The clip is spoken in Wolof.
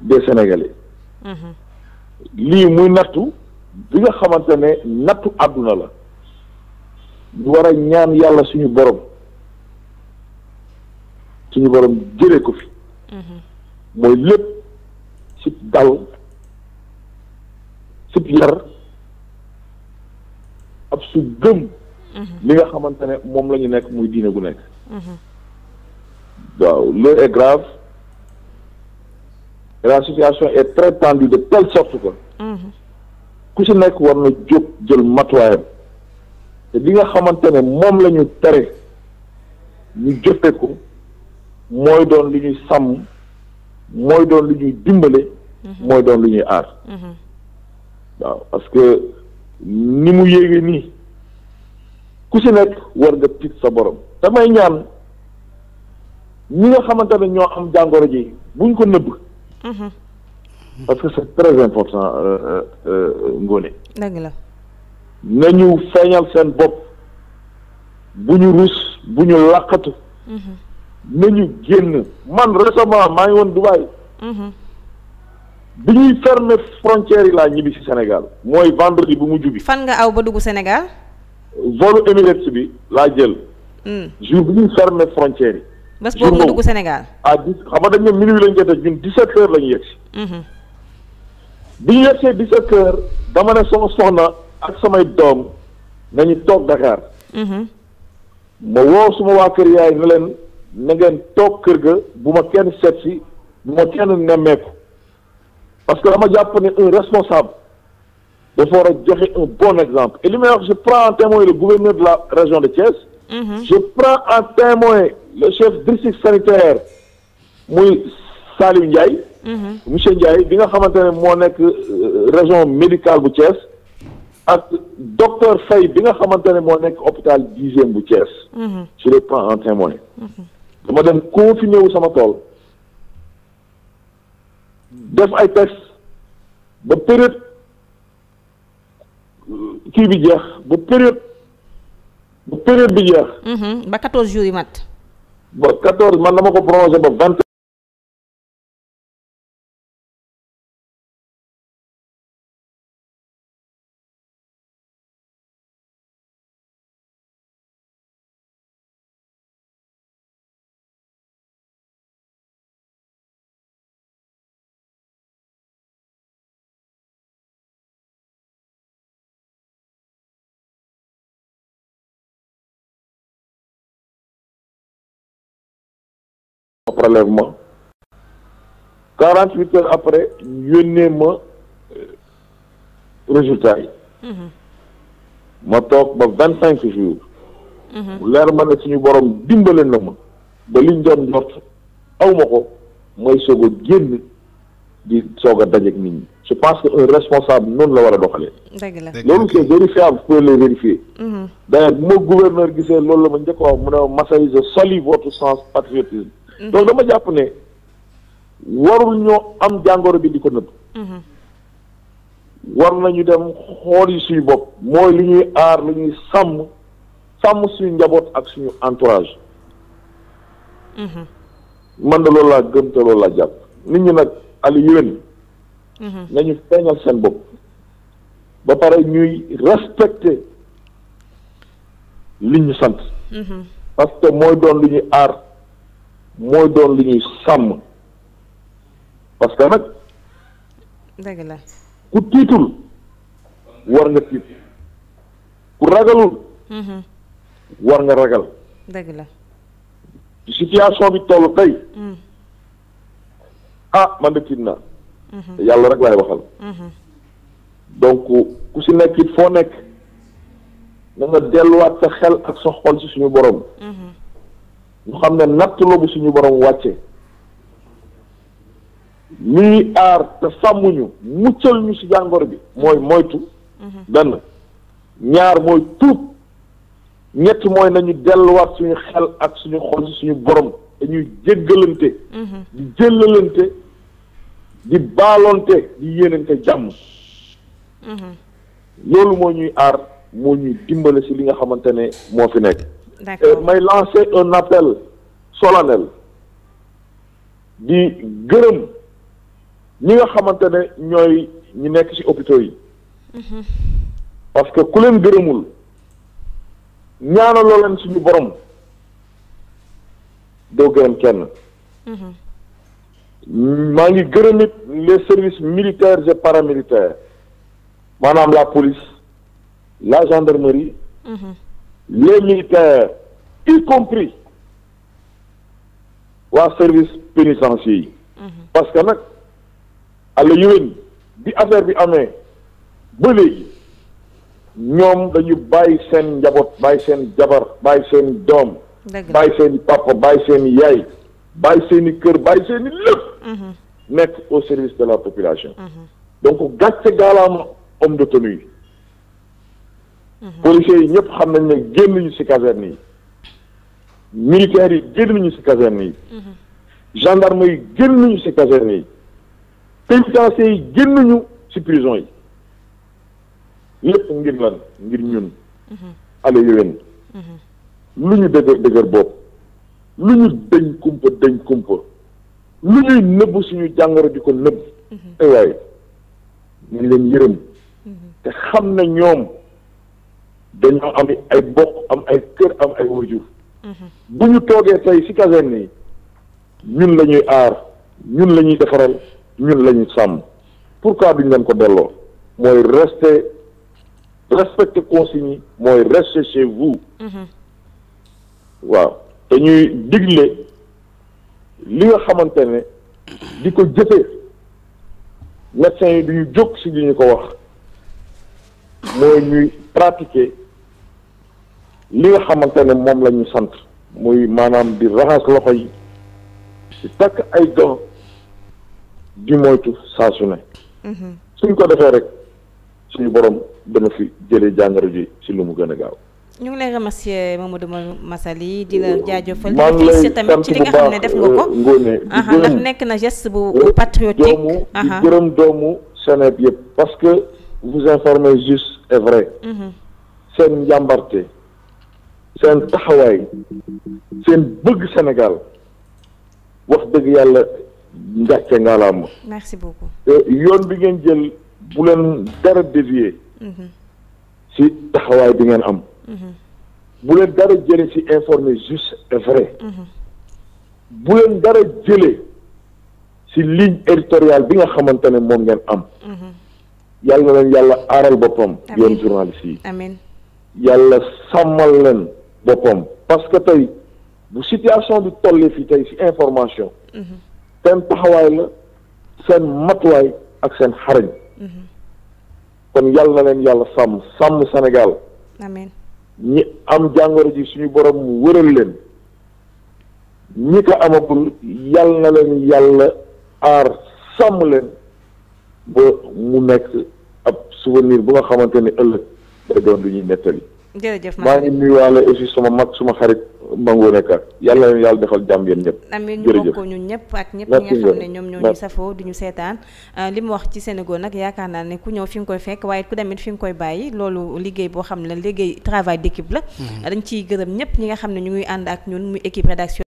des Sénégalais. Mhm. lii muy nattu bi nga xamante ne nattu àdduna la ñu war a ñaan yàlla suñu borom suñu borom jëlee ko fi. Mhm. mooy lépp ci dal ci yar ab su gëm. Mhm. li nga xamante ne moom la ñu nekk muy diine gu nekk. waaw loolu est et la situation est très tendue de telle sorte que ku si nekk war na jóg jël matuwaayam te li nga xamante ne moom la ñu tere ñu jëfe ko mooy doon li ñuy sàmm mooy doon li ñuy dimbale mooy doon li ñuy aar waaw parce que ni mu yéegee nii ku si nekk war nga tiit sa borom damay ñaan ñi nga xamante ñoo am jàngoro ji buñ ko nëbb Mhm. parce que c'est très important euh, euh, euh, Ngoné. dëgg la. ñu feeñal seen bopp bu ñu rus bu ñu làqatu. Mhm. nañu génn man récemment maa ngi woon Dubaï. Mhm. bi ñuy fermer frontière yi laa ñibbi ci Sénégal mooy vendredi bu mu jubi fan nga aw ba dugg Sénégal. volu Emirates bi laa jël. Mm. jour bi ñuy fermer frontière yi. bés boobu nga dugg Sénégal ah di xam nga dañ ne minuit lañ jotee ñun 17 heures la ñu yegsi. Mhm. bi ñu yegsee 17 heures dama ne sama soxna ak samay doom nañu toog Dakar. Mhm. ma woo suma waa kër yaay ne leen na ngeen toog kër ga bu ma kenn seet si bu ma kenn nemmeeku parce que dama jàpp ne un responsable dafa war a joxe un bon exemple et may wax je prends en témoin le gouverneur de la région de Thiès. Mhm. je prends en témoin le chef district sanitaire muy Saliou Ndiaye. Mm-hmm. monsieur Ndiaye bi nga xamante ne moo nekk euh, région médicale bu Thiès. ak docteur Faye bi nga xamante ne moo nekk hôpital dixième bu Thiès. Mm-hmm. je le prends en témoin. Mm-hmm. dama dem confiné wu sama tool. def ay test ba période euh, kii bi jeex ba période ba période bi jeex. ba quatorze jours yi mat. ba quatorze man dama ko prolongé ba vingt prélèvement quarante huit après yónnee ma euh, résultat yi mhm. ma toog ba vingt cinq jours mhm. leer ma ne suñu borom dimbale na ma ba liñ doon njort aw ko mooy soog a génn di soog a dajeek nit ñi je pense que un responsable noonu la war a doxalee loolu c'est vérifiable pour les vérifier mhm. d'ailleurs bu ma gouverneur gisee loolu la ma njëkk a wax mu ne Massaly je salue votre sens patriotisme Mhm. donc dama jàpp ne warul ñoo am jàngoro bi di ko nëbb mhm. war nañu dem xool yi suñu bopp mooy li ñuy aar li ñuy sàmm sàmm suñu njaboot ak suñu entourage mhm. man de loolu laa gëm te loolu laa jàpp nit ñi nag ali yéen nañu feeñal seen bopp ba pare ñuy respecter li ñu sant parce mooy doon lu ñuy aar mooy doon lu ñuy sàmm parce que nag. dëgg la ku tiitul war nga tiit ku ragalul. Mm-hmm. war nga ragal. dëgg la. ci bi toll tey. Mm. ah man de tiit naa. Mm-hmm. yàlla rek laay waxal. Mm-hmm. donc ku si nekk it foo nekk na nga delluwaat sa xel ak sa xol ci suñu borom. ñu xam ne natt la suñu borom wàcce ñuy aar te sàmmuñu muccal ñu ci jàngoro bi mooy moytu benn ñaar mooy tuub ñett mooy nañu delluwaat suñu xel ak suñu xol suñu borom dañuy jéggalante di jëllalante di baalonte di yéenante jàmm mhm. loolu moo ñuy aar moo ñuy dimbale ci li nga xamante ne moo fi nekk may lancer un appel solennel di gërëm ñi nga xamante ne ñooy ñi nekk ci hôpitaux yi mhm. parce que ku leen gërëmul ñaanaloo leen suñu borom doo gërëm kenn mhm. maa ngi gërëm it les service militaires et paramilitaires maanaam la police la gendarmerie mhm. les militaires y compris waa service pénitentiaire yi mhm. parce que nag àlla yëwén bi affaire bi amee ba léegi ñoom dañu bàyyi seen njaboot bay seen jabar bàyyi seen doom bàyyi seen papa bàyyi seen yaay bàyyi seen i kër bàyyi seen i lépp mhm. nekk au service de la population mhm. donc gàcce gaalaama homme de tenue yi Mhm. policiers yi ñëpp xam nañ ne génn ñu ci caserne yi militaires yi génn ñu ci caserne yi mhm. gendarme yi génn ñu ci caserne yi pénitenciers yi génn ñu ci prison yi lépp ngir lan ngir ñun mhm. ale yowén lu ñu dëgër dëgër bopp lu ñu dëñ kumpa dëñ kumpa lu ñuy nëbb suñu jàngoro di ko nëbb ay waaye ñu leen yërëm te xam na ñoom dañoo am ay bokk am ay kër am ay waajur mhm. bu ñu toogee tey ci caserne yi ñun la ñuy aar ñun la ñuy defaral ñun la ñuy sàmm pourquoi duñ leen ko delloo mooy rester respecter consignes yi mooy rester chez vous mhm. waaw te ñuy digle li nga xamante ne di ko jëfee médecins yi du ñu jóg ci li ñu ko wax mooy ñuy pratiquer li nga xamante ne moom la ñu sant muy maanaam bi raxas loxo yi di takk ay dox di moytu saa su ne mhm. suñ ko defee rek suñu borom dama fi jële jàngoro ji si lu mu gën a gaaw ñu ngi lay remercier Mamadou Massaly di la euh, jaajëfal di fii tamit ci li nga xam ne def euh, nekk na geste di doomu Sénégal yëpp parce que vous informez mhm. seen njàmbarte seen taxawaay seen bëgg Sénégal wax dëgg yàlla ngàcce ngaalaam merci beaucoup yoon bi ngeen jël bu leen dara dévier mhm. ci taxawaay bi ngeen am mhm. bu leen dara jële ci informer juste et vrai mhm. bu leen dara jële ci ligne éditoriale bi nga xamante ne moom ngeen am yàlla na leen yàlla aaral boppam yéen journaliste yi yàlla sàmmal leen boppam parce que tey bu situation bi tollee fi tey ci information seen taxawaay la seen matuwaay ak seen xarañ kon yàlla na leen yàlla sàmm sàmm Sénégal ñi am jàngoro ji suñu borom mu wëral leen ñi ko amagul yàlla leen yàlla aar sàmm leen ba mu nekk ab souvenir bu nga xamante ne ëllëg day doon lu ñuy nettali jërëjëf maa ngi nuyuwaale aussi sama mag suma xarit Mbango nekkaat yàlla na yàlla defal jàmm yéen ñëpp. amiin ñu bokk ñun ñëpp ak ñëpp ñi nga xam ne ñoom ñoo ñu safoo di seetaan euh, li mu wax ci Sénégal nag yaakaar naa ne ku ñëw fi nga koy fekk waaye ku demit fi nga koy bàyyi loolu liggéey boo xam ne liggéey travail d'équipe la hmm. dañ ciy gërëm ñëpp ñi nga xam ne ñu ngi ànd ak ñun muy équipe rédaction